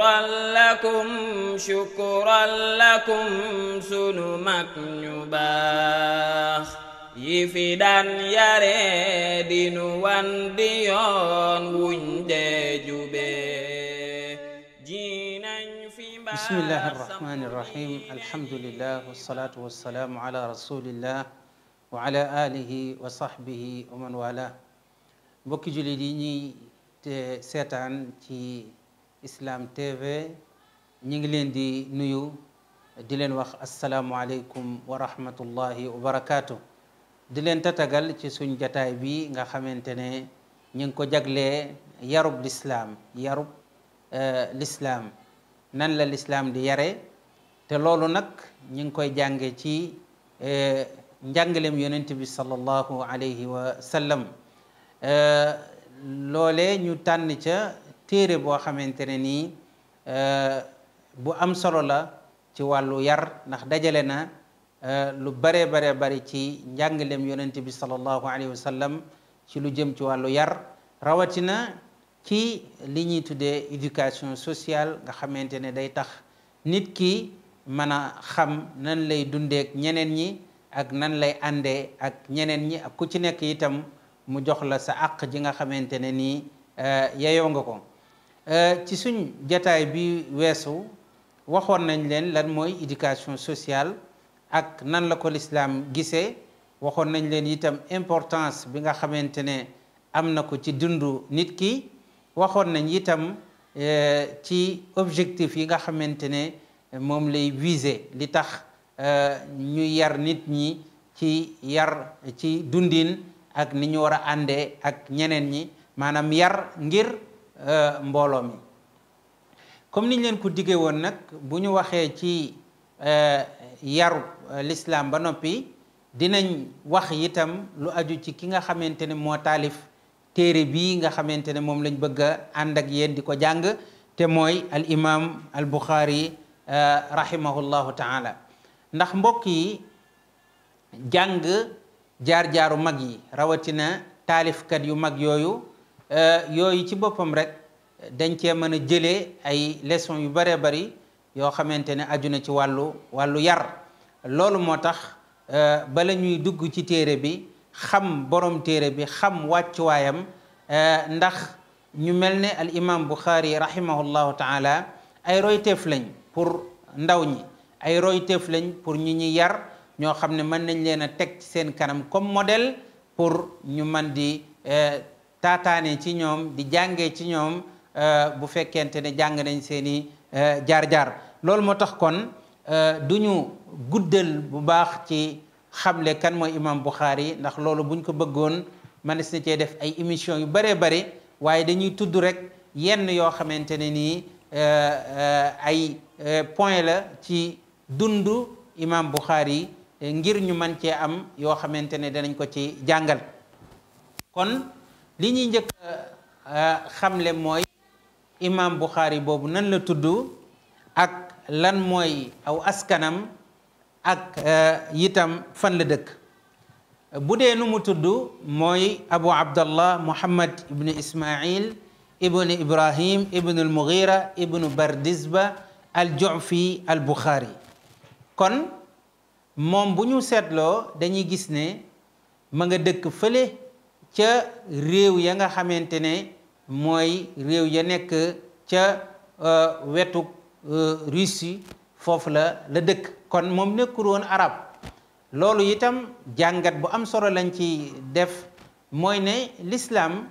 لكم شكرا لكم سنمك نباخ يفدان يردين وانديون بسم الله الرحمن الرحيم الحمد لله والصلاة والسلام على رسول الله وعلى آله وصحبه ومن والاه بوكي جليديني تي سيتان تي Islam TV ñi ngi leen di nuyu di leen wax asalaamualeykum wa rahmatullahi wa barakaatu. di leen tatagal ci suñ jataay bi nga xamante ne ñu ngi ko jaglee yarub lislaam yarub eh, lislaam nan la lislaam di yare te loolu nag ñu ngi koy jànge ci eh, njàngalem yonent bi sallallahu alayhi wa sallam eh, loole ñu tànn ca téere boo xamante ne nii eh, bu am solo la ci wàllu yar ndax dajale na eh, lu bare bare bari ci njàngaleem yonent bi sallallahu alayhi wa sallam ci lu jëm ci wàllu yar rawatina ci li ñuy tuddee éducation sociale nga xamante ne day tax nit ki mën a xam nan lay dundeek ñeneen ñi ak nan lay àndee ak ñeneen ñi ak ku ci nekk itam mu jox la sa àq ji nga xamante ne nii eh, yeyoo nga ko Euh, ci suñ jataay bi weesu waxoon nañ leen lan mooy éducation sociale ak nan la ko lislaam gisee waxoon nañ leen itam importance bi nga xamante ne am na ko ci dundu nit ki waxoon nañ itam euh, ci objectif yi nga xamante ne moom lay viser li tax euh, ñuy yar nit ñi ci yar ci dundin ak ni ñu war a àndee ak ñeneen ñi maanaam yar ngir Euh, mbooloo mi comme niñ leen ko diggee woon nag bu ñu waxee ci euh, yaru euh, lislaam ba noppi dinañ wax itam lu aju ci ki nga xamante ne moo taalif téere bii nga xamante ne moom lañ bëgg a ànd ak yéen di ko jàng te mooy al imam al buxaari rahimahullahu taala ndax mbokk yi jàng jaar-jaaru mag yi rawatina taalifkat yu mag yooyu yooyu ci boppam rek dañ cee mën a jëlee ay leçons yu bëree bari yoo xamante ne ajuna ci wàllu wàllu yar loolu moo tax euh, bala ñuy dugg ci téere bi xam boroom téere bi xam wàccuwaayam euh, ndax ñu mel ne al imam Bukhari rahimahullahu taala ay royteef lañ pour ndaw ñi ay royteef lañ pour ñi ñuy yar ñoo xam ne mën nañ leen a teg ci seen kanam comme modèle pour ñu man di euh, taataane ci ñoom di jàngee ci ñoom Euh, bu fekkente ne jàng nañ seeni euh, jaar-jaar loolu moo tax kon euh, du ñu guddal bu baax ci xamle kan mooy imam Bukhari ndax loolu buñ ko bëggoon mënees na cee def ay émission yu bëree bëri waaye dañuy tudd rek yenn yoo xamante ne nii ay point la ci dundu imam Bukhari ngir ñu mën cee am yoo xamante ne danañ ko ci jàngal kon li ñuy njëkk xamle mooy imaam Buxaari boobu nan la tudd ak lan mooy aw askanam ak yitam eh, fan la dëkk bu dee nu mu tudd mooy abu abdallah muhammad ibnu ismail ibnu ibrahim ibnu almugira ibnu bardisba aljofi albuxaari kon moom bu ñu seetloo dañuy gis ne ma nga dëkk fële ca réew ya nga xamante ne mooy réew ya nekk ca euh, wetu euh, Russie foofu la la dëkk kon moom nekkul woon arab loolu itam jàngat bu am solo lañ ci def mooy ne lislaam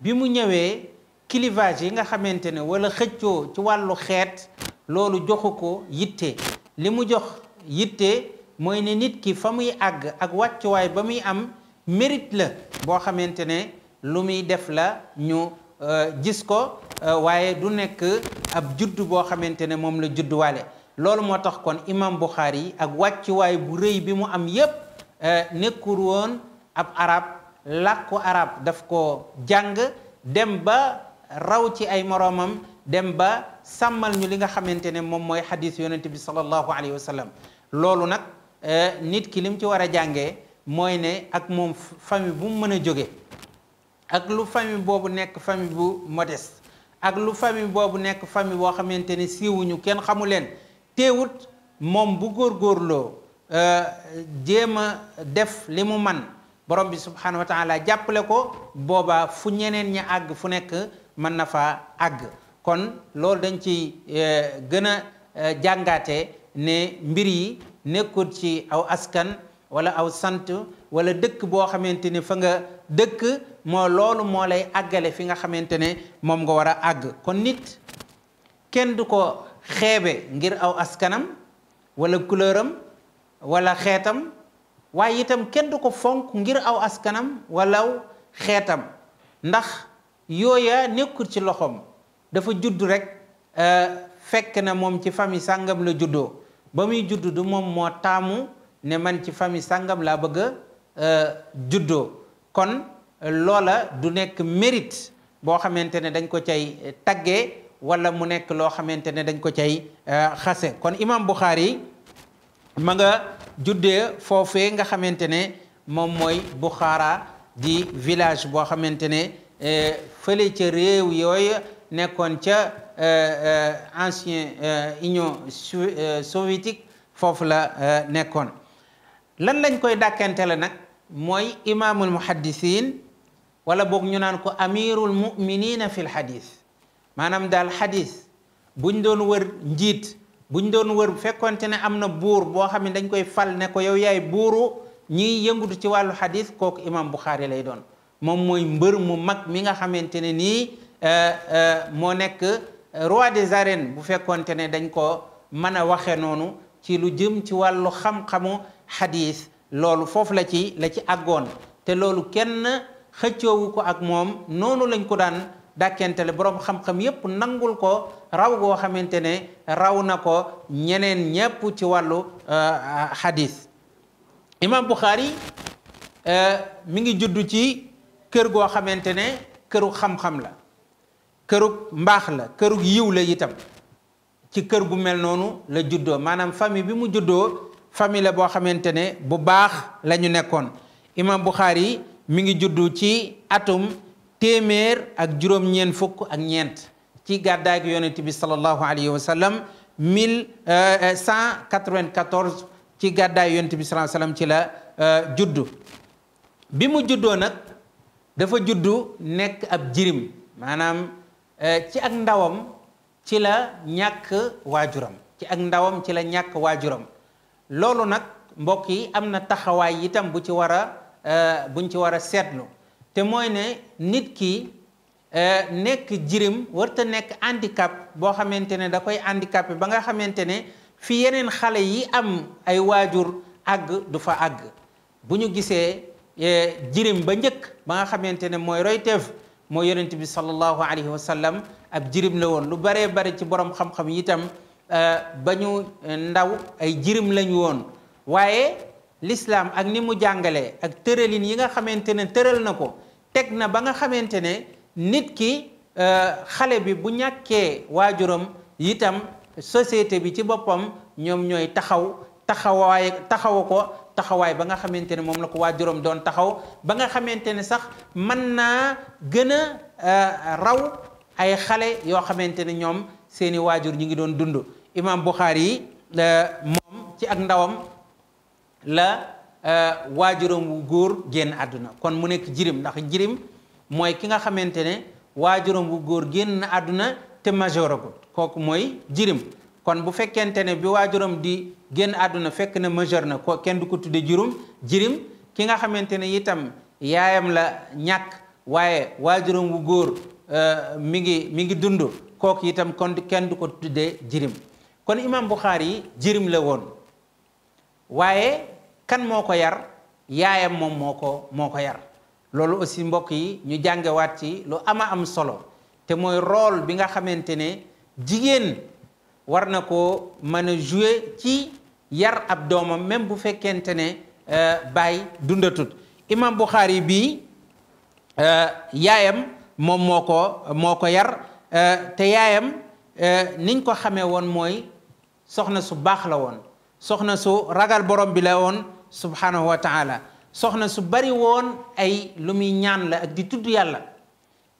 bi mu ñëwee clivage yi nga xamante ne wala xëccoo ci wàllu xeet loolu joxu ko yitte li mu jox yitte mooy ne nit ki fa muy àgg ak wàccuwaay ba muy am mérite la boo xamante ne lu muy def la ñu Euh, gis ko euh, waaye du nekk ab judd boo xamante ne moom la judduwaale loolu moo tax kon imam Buxaari yi ak wàccuwaay bu rëy bi mu am yépp euh, nekkul woon ab arab làkku arab daf ko jàng dem ba raw ci ay moroomam dem ba sàmmal ñu li nga xamante ne moom mooy xadis yonente bi sallallahu alayhi wa loolu nag nit ki lim ci war a jàngee mooy ne ak moom famille bu mu mën a jóge ak lu famille boobu nekk famille bu modeste ak lu famille boobu nekk famille boo xamante ne siiwuñu kenn xamu leen teewut moom bu góorgóorloo euh, jéem a def li mu man borom bi subhanahu wa taala jàppale ko boobaa fu ñeneen ñi àgg fu nekk mën na fa àgg kon loolu dañ ci euh, gën a euh, jàngaate ne mbir yi nekkul ci aw askan wala aw sant wala dëkk boo xamante ne fa nga dëkk moo loolu moo lay àggale fi nga xamante ne moom nga war a àgg kon nit kenn du ko xeebe ngir aw askanam wala couleur am wala xeetam waaye itam kenn du ko fonk ngir aw askanam wala xeetam ndax yooya nekkul ci loxoom dafa judd rek euh, fekk na moom ci famille sàngam la juddoo ba muy judd du moom moo taamu ne man ci famille sàngam laa bëgg Euh, juddo kon loola du nekk mérite boo xamante ne dañ ko cay taggee wala mu nekk loo xamante ne dañ ko cay euh, xase kon imam Bukhari ma nga juddee foofee nga xamante ne moom mooy Bukhara di village boo xamante ne euh, fële ca réew yooyu nekkoon ca ancien union soviétique foofu la nekkoon lan lañ koy dàkkantele nak moy imamul muhaddisin wala bok ñu nan ko amirul mu'minin fil hadith manam dal hadith buñ doon wër njit buñ doon wër fekkonte ne amna bour bo xamni dañ koy fal ne ko yow yaay bouru ñi yëngutu ci walu hadith kok imam bukhari lay doon mom moy mbeur mu mag mi nga xamante ne euh mo nek roi des arènes bu fekkonte ne dañ ko mëna waxe nonu ci lu jëm ci walu xam xam-xamu xadiis loolu foofu la ci la ci àggoon te loolu kenn xëccoowu ko ak moom noonu lañ ko daan dàkkentele boroom xam-xam yépp nangul ko raw goo xamante ne raw na ko ñeneen ñépp ci wàllu euh, euh, xadiis imam Bukhari euh, mu ngi juddu ci kër goo xamante ne këru xam-xam la këru mbaax la kërug yiw la itam ci kër gu mel noonu la juddoo maanaam famille bi mu juddoo famille la boo ne bu baax la ñu imam Bukhari mi ngi juddu ci atum téeméer ak juróom-ñeent fukk ak ñeent ci gàddaay gi yonent bi sallallahu alayhi wa sallam euh, euh, ci bi sallallahu alayhi ci la euh, juddu bi mu juddoo nag dafa juddu nek ab jirim maanaam ci ak ndawam ci la ñàkk waajuram ci ak ndawam ci la ñàkk waajuram loolu nag mbokk yi am na taxawaay itam bu ci war a euh, buñ ci war a seetlu te mooy ne nit ki euh, nekk jirim warta nekk handicap boo xamante ne da koy handicapé ba nga xamante ne fi yeneen xale yi am ay waajur àgg du fa àgg bu ñu gisee euh, jirim ba njëkk ba nga xamante ne mooy royteef moo yonent bi sallallahu alayhi wa sallam ab jirim la woon lu baree bari ci borom xam-xam yi itam Euh, ba ñu euh, ndaw ay jirim lañu woon waaye lislaam ak ni mu jàngalee ak tëralin yi nga xamante ne tëral na ko teg na ba nga xamante ne nit ki euh, xale bi bu ñàkkee waajuram itam société bi ci boppam ñoom ñooy taxaw taxawaay taxaw ko taxawaay ba nga xamante ne moom la ko waajuram doon taxaw ba nga xamante ne sax mën naa gën a raw ay xale yoo xamante ne ñoom seeni waajur ñu ngi doon dund imaam Buxaari yi moom ci ak ndawam la euh, waajuram wu góor génn àdduna kon mu nekk jirim ndax jirim mooy ki nga xamante ne waajuram wu góor génn na àdduna te majeuragul kooku mooy jirim kon bu fekkente ne bi waajuram di génn àdduna fekk na majeur na ko kenn du ko tudde jurum jirim ki nga xamante ne itam yaayam la ñàkk waaye waajuram wu góor euh, mi ngi mi ngi dund kook itam kon kenn du ko tudde jirim kon imam Bukhari jirim la woon waaye kan moo ko yar yaayam moom moo ko moo ko yar loolu aussi mbokk yi ñu jàngewaat ci lu ama am solo te mooy rôle bi nga xamante ne jigéen war na ko mën a ci yar ab doomam même bu fekkente ne euh, baay dundatut imam Bukhari bii euh, yaayam moom ko moo ko yar euh, te yaayam Eh, niñ ko xamee woon mooy soxna su baax la woon soxna su ragal borom bi la woon subhanahu wa taala soxna su bari woon ay lu muy ñaan la ak di tudd yàlla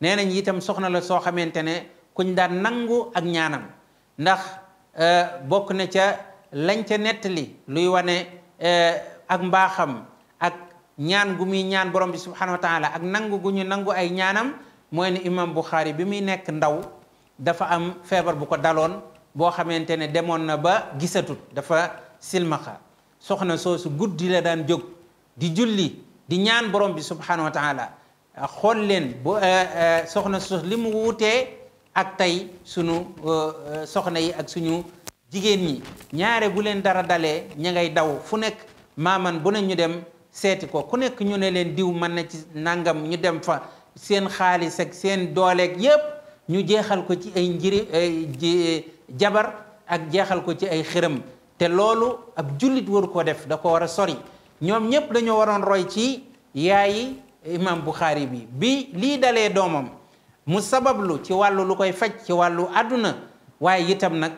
nee nañ itam soxna la soo xamante ne kuñ daan nangu ak ñaanam ndax eh, bokk na ca lañ ca nettali luy wane eh, ak mbaaxam ak ñaan gu muy ñaan borom bi subhanahu wa taala ak nangu gu ñu nangu ay ñaanam mooy ne imam Bukhari bi muy nekk ndaw dafa am feebar bu ko daloon boo xamante ne demoon na ba gisatut dafa silmaxa soxna soosu guddi la daan jóg di julli di ñaan borom bi subhanahu wa taala xool leen bu eh, eh, soxna soosu li mu wutee ak tey sunu eh, soxna yi ak suñu jigéen ñi ñaare bu leen dara dalee ña ngay daw fu nekk maaman bu ne ñu dem seeti ko ku nekk ñu ne leen diw mën na ci nangam ñu dem fa seen xaalis ak seen dooleeg yépp ñu jéxal ko ci ay njiri ay jabar ak jéxal ko ci ay xërëm te loolu ab jullit waru ko def da ko war a sori ñoom ñépp dañoo waroon roy ci yaayi imam Bukhari bi bi lii dalee doomam mu sabablu ci wàllu lu koy faj ci wàllu àdduna waaye itam nag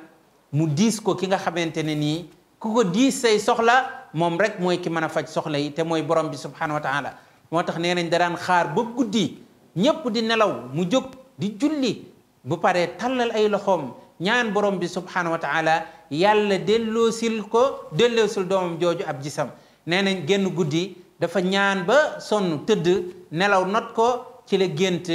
mu diis ko ki nga xamante ne nii ku ko diis say soxla moom rek mooy ki mën a faj soxla yi te mooy borom bi subhanahu wa taala moo tax nee nañ da daan xaar ba guddi ñépp di nelaw mu jóg di julli bu paree tallal ay loxoom ñaan borom bi subhanahu wa yàlla delloosil ko delloosil doomam jooju ab jisam nee nañ génn guddi dafa ñaan ba sonn tëdd nelaw not ko ci la gént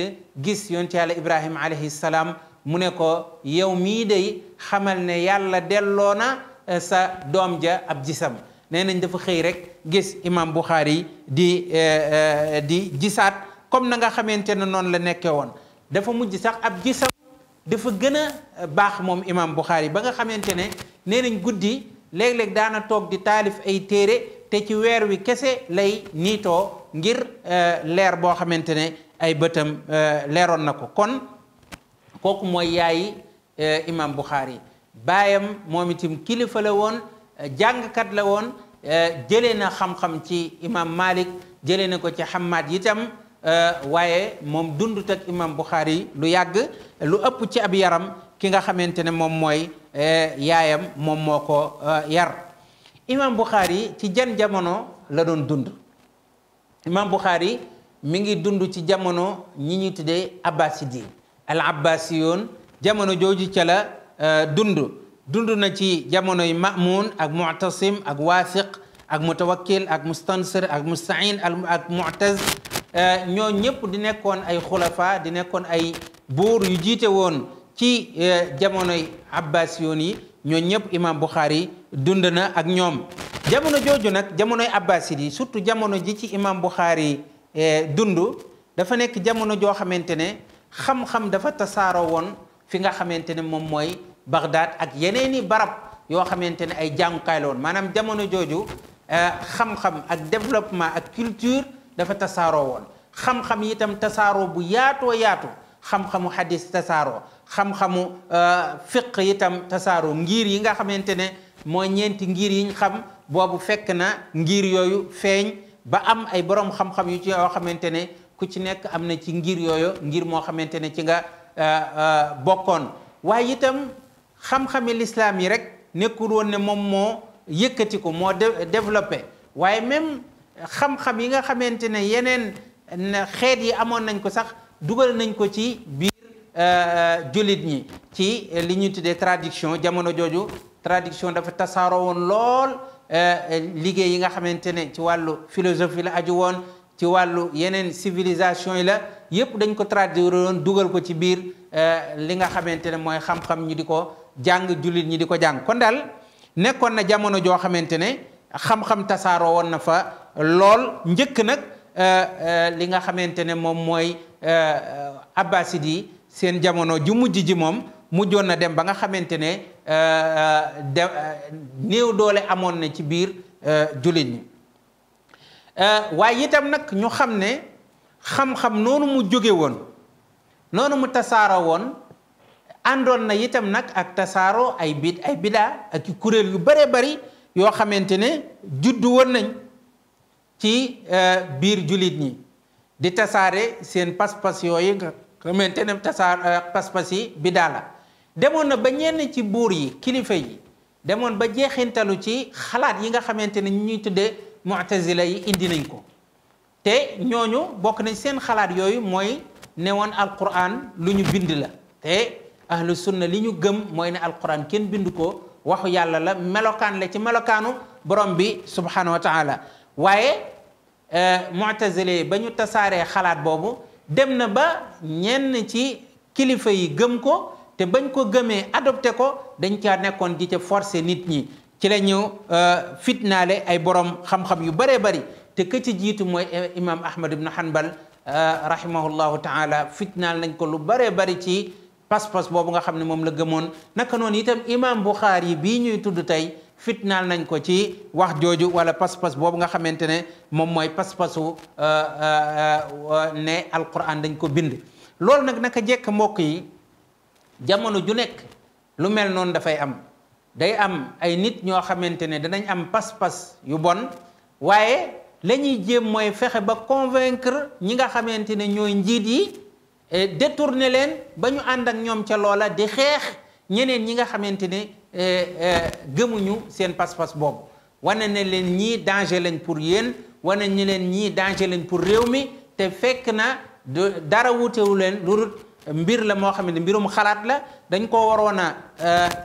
gis yonent yàlla ibrahima alayhi salaam mu ne ko yow mii dey xamal ne yàlla delloo na eh, sa doom ja ab jisam nee nañ dafa xëy rek gis imam Bukhari di eh, eh, di gisaat comme na nga xamante ne noonu la nekkee woon dafa mujj sax ab gisam dafa gën a euh, baax moom imam Buxaari ba nga xamante ne nee nañ guddi léeg-léeg daana toog di taalif ay téere te ci weer wi kese lay niitoo ngir euh, leer boo xamante ne ay bëtam euh, leeroon na ko kon kooku mooy yaayi imam Buxaari baayam moom itim kilifa la woon jàngkat la woon jëlee na xam-xam ci imam Malik jëlee na ko ci Hammaad itam Euh, waaye moom dundut ak imam Bukhari lu yàgg lu ëpp ci ab yaram ki nga xamante ne moom mooy euh, yaayam moom moo ko euh, yar imam Bukhari ci jan jamono la doon dund imam Bukhari mi ngi dund ci jamono ñi ñu tuddee abbasidi al abbasiyoon jamono jooju ca la dund dund na ci jamonoy Ma'mun ak Mu'tasim ak Waasiq ak Mutawakkil ak Mustansir ak Musta'in ak Mu'taz Eh, ñoo ñëpp di nekkoon ay xulafa di nekkoon ay buur yu jiite woon ci eh, jamonoy abbasiyoon yi ñoo ñëpp imam Bukhari dund na ak ñoom jamono jooju nag jamonoy abbasid yi surtout jamono ji ci imam Bukhari eh, dund dafa nekk jamono joo xamante ne xam dafa tasaaroo woon fi nga xamante ne moom mooy Bagdad ak yeneeni barab yoo xamante ne ay jàngukaay maanaam jamono jooju xam-xam ak développement ak culture dafa tasaro won xam-xam itam tasaro bu yaato yaato xam-xamu hadith tasaro xam-xamu fiqh itam tasaro ngir yi nga xamantene moy mooy ñeenti ngir yiñ xam bobu fek na ngir yoyu feñ ba am ay borom xam-xam yu ci yo xamantene ku ci nek amna ci ngir yoyu ngir mo xamantene ci nga bokkon waaye itam xam xam l'islam yi rek nekul won ne mom mo yëkkati ko mo développer waye même xam-xam yi nga xamante ne yeneen xeet yi amoon nañ ko sax dugal nañ ko ci biir euh, euh, jullit ñi ci li ñu tuddee traduction jamono jooju traduction dafa tasaaroo woon lool euh, liggéey yi nga xamante ne ci wàllu philosophie la aju woon ci wàllu yeneen civilisation yi la yépp dañ ko traduire dugal ko ci biir li nga xamante ne mooy xam-xam ñi di ko jàng jullit ñi di ko jàng kon daal nekkoon na jamono joo xamante ne xam-xam tasaaroo woon na fa lool njëkk nag euh, euh, li nga xamante ne moom mooy euh, abbasid yi seen jamono ju mujj ji moom mujjoon na dem ba nga xamante ne de néew doole amoon na ci biir jullit ñi waaye itam nag ñu xam ne xam-xam noonu mu jóge woon noonu mu tasaaroo woon àndoon na itam nag ak tasaaroo ay bid ay bidaa ak kuréel yu bare bari yoo xamante ne juddu woon nañ ci euh, biir jullit ñi di tasaare seen pas-pas yooyu nga xamante ne tasaar euh, pas-pas yi bidaa la demoon na ba ñenn ci buur yi kilifa yi demoon ba jeexintalu ci xalaat yi nga xamante ne ñu ñuy tuddee mu'tazila yi indi nañ ko te ñooñu bokk nañ seen xalaat yooyu mooy ne woon alquran lu ñu bind la te ahlu sunna li ñu gëm mooy ne alquran kenn bind ko waxu yàlla la melokaan la ci melokaanu borom bi subhanahu wa taala waaye mutazile ba ñu tasaaree xalaat boobu dem na ba ñenn ci kilifa yi gëm ko te bañ ko gëmee adopté ko dañ caa nekkoon di ca forcer nit ñi ci la ñu fitnaale ay borom xam-xam yu bëree bëri te kë ci jiitu mooy imam ahmad ibnu hanbal rahimahullahu taala fitnaal nañ ko lu bëree bëri ci pas-pas boobu nga xam ne moom la gëmoon naka noonu itam imaam yi bii ñuy tudd tey fitnaal nañ ko ci wax jooju wala pas-pas boobu nga xamante ne moom mooy pas-pasu euh, euh, euh, ne alquran dañ ko bind loolu nag naka jekk mbokk yi jamono ju nekk lu mel noonu dafay am day am ay nit ñoo xamante ne danañ am pas-pas yu bon waaye lañuy jéem mooy fexe ba convaincre ñi nga xamante ne ñooy njiit yi Eh, détourné leen ba ñu ànd ak ñoom ca loola di xeex ñeneen ñi nga xamante ne eh, eh, gëmuñu seen pas-pas boobu wane na leen ñii danger lañ pour yéen wane ne leen ñii danger lañ pour réew mi te fekk na dara wutewu leen lurut mbir la moo xam ne mbirum xalaat la dañ ko waroon a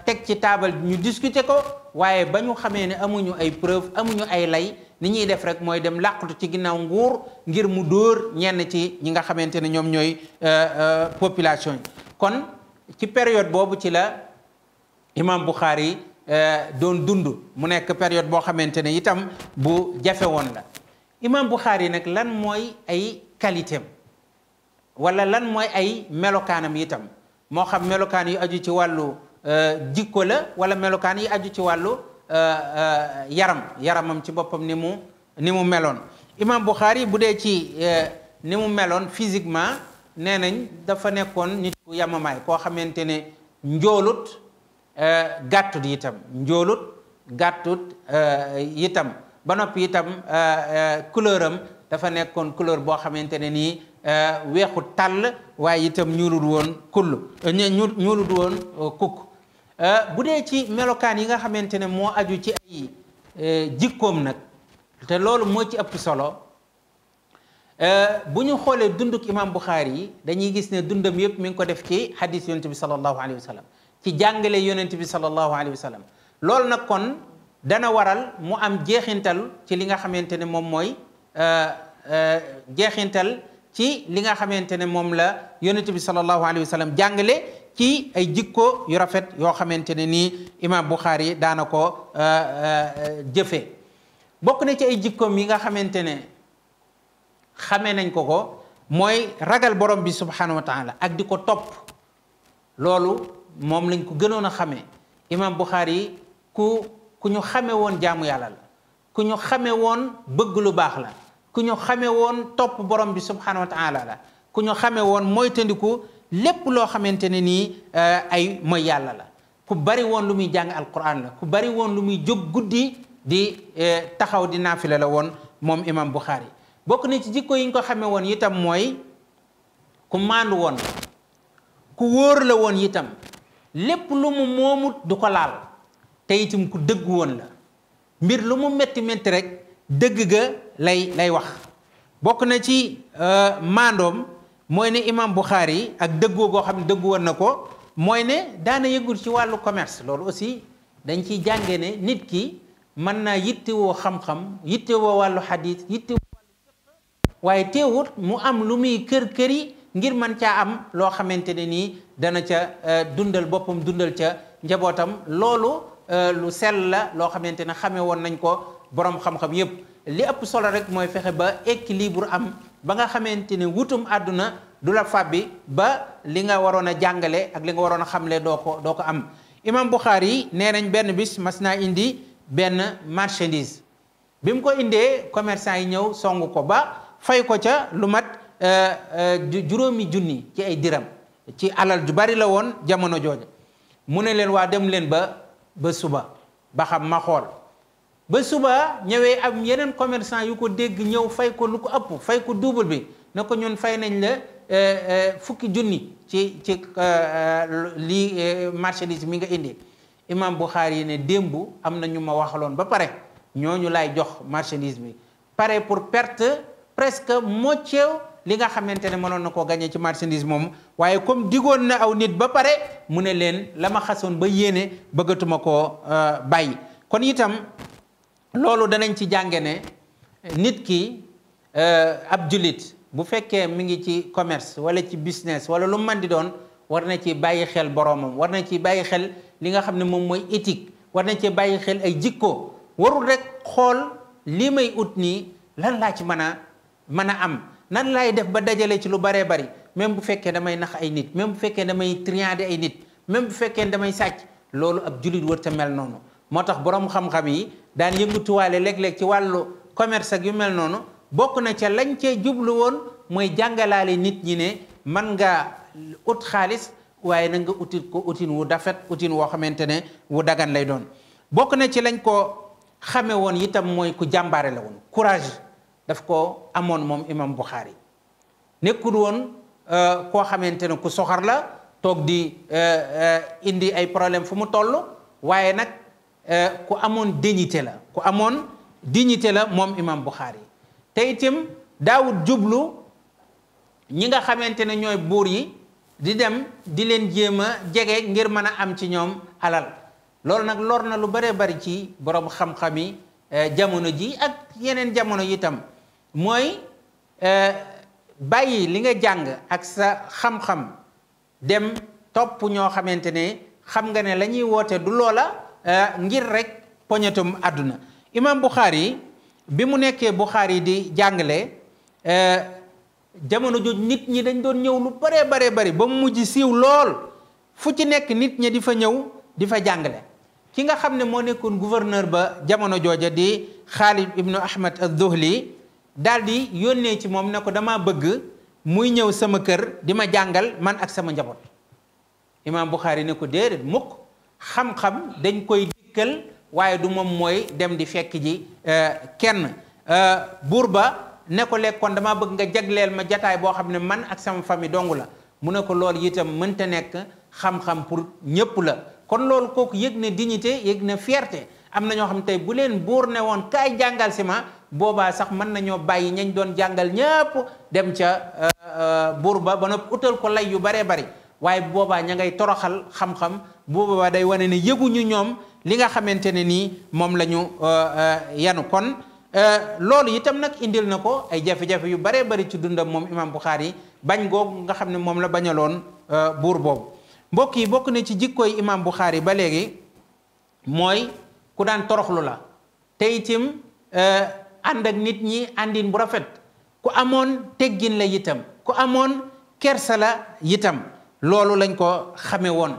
teg ci taabal ñu discuter ko waaye ba ñu xamee ne amuñu ay preuve amuñu ay lay ni ñuy def rek mooy dem làqatu ci ginnaaw nguur ngir mu dóor ñenn ci ñi nga xamante ne ñoom ñooy euh, euh, population yi kon ci période boobu ci la imam Bukhari euh, doon dund mu nekk période boo xamante ne itam bu jafe woon la imam Bukhari nag lan mooy ay qualité wala lan mooy ay melokaanam itam moo xam melokaan yi aju ci wàllu jikko la wala melokaan yi aju ci wàllu Euh, euh, yaram yaramam ci boppam ni mu ni mu meloon imam Bukhari bu dee ci euh, ni mu meloon physiquement nee nañ dafa nekkoon nit ku yamamaay koo xamante ne njoolut gàttut itam njoolut gàttut itam ba noppi itam couleur am dafa nekkoon couleur boo xamante ne nii weexu tàll waaye itam ñuulut woon kull ñuulut woon kukk Euh, bu dee ci melokaan yi nga xamante ne moo aju ci ay euh, jikkoom nag te loolu moo ci ëpp solo euh, bu ñu xoolee dunduk imam Buxaari yi dañuy gis ne dundam yëpp mi ngi ko def ci xadis yonent bi sallallahu alayhi wa ci jàngale yonent bi sallallahu alayhi wa loolu nag kon dana waral mu am jeexintal ci li nga xamante ne moom mooy jeexintal ci li nga xamante ne moom la yonent bi sallallahu alayhi wa sallam jàngale ci ay jikko yu rafet yoo xamante ne nii imaam Buxaari daana ko euh, euh, jëfe bokk na ci ay jikkoom yi nga xamante ne xamee nañ ko ko mooy ragal borom bi subhanahu wa taala ak di ko topp loolu moom lañ ko gënoon a xamee imaam Buxaari ku ku ñu xame woon jaamu yàlla la ku ñu xame woon bëgg lu baax la ku ñu xame woon topp borom bi subhanahu wa taala la ku ñu xame woon moytandiku lépp loo xamante ne nii euh, ay mooy yàlla la ku bari woon lu muy jàng alquran la ku bari woon lu muy jóg guddi di euh, taxaw di naafila la woon moom imam Bukhari bokk na ci jikko yi ñu ko xamee woon itam mooy ku maandu woon ku wóor la woon itam lépp lu mu moomut du ko laal te itam ku dëgg woon la mbir lu mu metti metti rek dëgg ga lay lay wax bokk na ci euh, maandoom mooy ne imam Bukhari ak dëggoo goo xam ne dëggu woon na ko mooy ne daana yëgul ci wàllu commerce loolu aussi dañ ciy jànge ne nit ki mën naa yittewoo xam-xam yittewoo wàllu xadis yittewoo wàllu waaye teewut mu am lu muy kër-këri ngir mën caa am loo xamante ne nii dana ca euh, dundal boppam dundal ca njabootam loolu euh, lu sell la loo xamante ne xamee woon nañ ko boroom xam-xam yépp li ëpp solo rek mooy fexe ba équilibre am ba nga xamante ne wutum àdduna du la fabi ba li nga waroon a jàngale ak li nga waroon a xamle doo ko doo ko am imam Buxaari yi nee nañ benn bis mas naa indi benn marchandise bi ko indee commerçant yi ñëw song ko ba fay ko ca lu mat euh, euh, juróomi junni ci ay diram ci alal ju bari la woon jamono jooja mu ne leen waa dem leen ba ba suba ba xam ma xool ba suba ñëwee am yeneen commerçant yu ko dégg ñëw fay ko lu ko ëpp fay ko double bi na ko ñun fay nañ la euh, euh, fukki junni ci ci euh, lii marchandise mi nga indi imam Bukhari yi ne démb am na ñu ma waxaloon ba pare ñooñu lay jox marchandise bi pare pour perte presque moitié li nga xamante ne mënoon na ko gagné ci marchandise moom waaye comme digoon na aw nit ba pare mu ne leen la ma xasoon ba yéene bëggatuma koo bàyyi kon itam loolu danañ ci jànge ne eh, nit ki eh, ab julit bu fekkee mi ngi ci commerce wala ci business wala lu man di doon war na ci bàyyi xel boroomam war na ci bàyyi xel li nga xam ne moom mooy éthique war na ci bàyyi xel ay jikko warul rek xool lii may ut nii lan laa ci mën a mën a am nan laay def ba dajalee ci lu baree bari même bu fekkee damay nax ay nit même bu fekkee damay triande ay nit même bu fekkee damay sàcc loolu ab julit wër te mel noonu moo tax boroom xam yi daan yëngutuwaale léeg-léeg ci wàllu commerce ak yu mel noonu bokk na ca lañ cee jublu woon mooy jàngalaale nit ñi ne man nga ut xaalis waaye na nga utit ko utin wu dafet utin woo xamante ne wu dagan lay doon bokk na ci lañ ko xame woon itam mooy ku jàmbaare la woon courage daf ko amoon moom imam Bukhari nekkul woon euh, koo xamante ne ku soxar la toog di euh, euh, indi ay problème fu mu toll waaye nag Euh, ku amoon dignité la ku amoon dignité la moom imam Bukhari te itam daawut jublu ñi nga xamante ne ñooy buur yi di dem di leen jéem a jege ngir mën a am ci ñoom alal loolu nag lor na lu bare bari ci borom xam-xami euh, jamono ji ak yeneen jamono yi itam mooy euh, bàyyi li nga jàng ak sa xam-xam dem topp ñoo xamante ne xam nga ne la ñuy woote du loola Eh, ngir rek poñetum àdduna imam Bukhari bi mu nekkee Bukhari di jàngale eh, jamono jooju nit ñi dañ doon ñëw lu bare bare bari ba mu mujj siiw lool fu ci nekk nit ñi di fa ñëw di fa jàngale ki nga xam ne moo nekkoon gouverneur ba jamono jooja di Khalid ibnu Ahmad ad-Dhuhli daal di yónnee ci moom ne ko dama bëgg muy ñëw sama kër di ma jàngal man ak sama njaboot imam Bukhari ne ko déedéet mukk xam-xam dañ koy dékkal waaye du moom mooy dem di fekk ji euh, kenn euh, buur ba ne ko lekk damaa bëgg nga jagleel ma jataay boo xam ne man ak sama famille dong la mu ne ko loolu itam mënta nekk xam-xam pour ñépp la kon loolu kooku yëg na dignité yëg ne fierté am na ñoo xam tey bu leen buur ne woon kaay jàngal si ma boobaa sax mën nañoo bàyyi ñañ doon jàngal ñépp dem ca euh, buur ba ba nopp utal ko lay yu baree bari waaye bu boobaa ña ngay toroxal xam-xam bu boobaa day wane ne yëguñu ñoom li nga xamante ne nii moom la ñu euh, euh, yanu kon euh, loolu itam nag indil na ko ay jafe-jafe yu baree bari ci dundam moom imam Buxaari bañ googu nga xam ne moom la bañaloon buur boobu mbokk yi bokk na ci jikkooy imam Buxaari ba léegi mooy ku daan toroxlu la te itam ànd ak nit ñi àndin bu rafet ku amoon teggin la itam ku amoon kersa la itam loolu lañ ko xame woon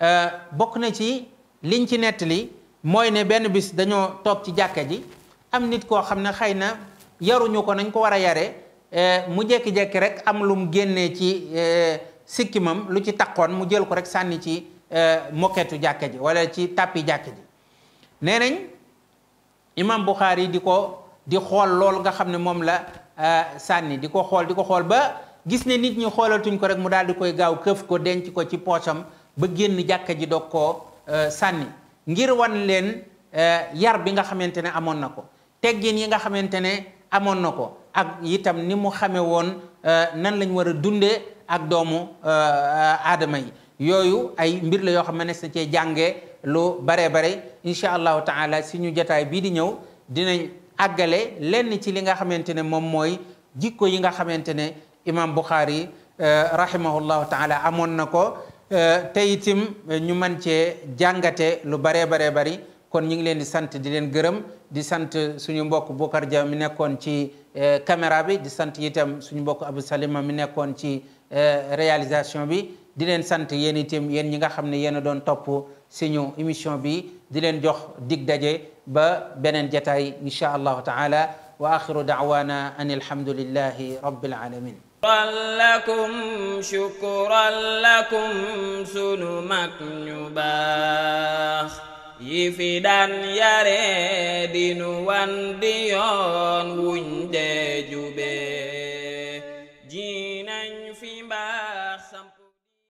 euh, bokk na ci liñ ci nettali mooy ne benn bis dañoo toog ci jàkka ji am nit koo xam ne xëy na yaruñu ko nañ ko war a yare euh, mu jékki-jékki rek am lu mu génnee ci euh, sikkimam lu ci takkoon mu jël ko rek sànni ci moketu jàkka ji wala ci tàppi jàkka ji nee nañ imam Bukhari di ko di xool loolu nga xam ne moom la sànni di ko xool di ko xool ba gis ne nit ñu xoolatuñ ko rek mu daal di koy gaaw këf ko denc ko ci poosam ba génn jàkka ji doog ko euh, sànni ngir wan leen euh, yar bi nga xamante ne amoon na ko teggin yi nga xamante ne amoon na ko ak itam ni mu xame woon euh, nan lañ war a dundee ak doomu adama yi yooyu ay mbir la yoo xam ne na cee jànge lu baree bare incha allah taala si ñu jotaay bii di ñëw dinañ àggale lenn ci li nga xamante ne moom mooy jikko yi nga xamante ne imam Bukhari rahimahullahu taala amon nako tay te ñu man ci jàngate lu bare bare bari kon ñu ngi leen di sante di leen gërëm di sante suñu mbokk Bokar jam mi nekkon ci caméra bi di sante itam suñu mbokk Abou Salima mi nekkon ci réalisation bi di leen sant yéen itim yéen ñi nga xamne yéen doon top suñu émission bi di leen jox dig daje ba benen jotaay inshallah taala واخر دعوانا ان الحمد alhamdulillahi rabbil العالمين lakum shukran lakum sunu mag ñu baax yi fi daan yare dinu wan di yoon wuñ de jube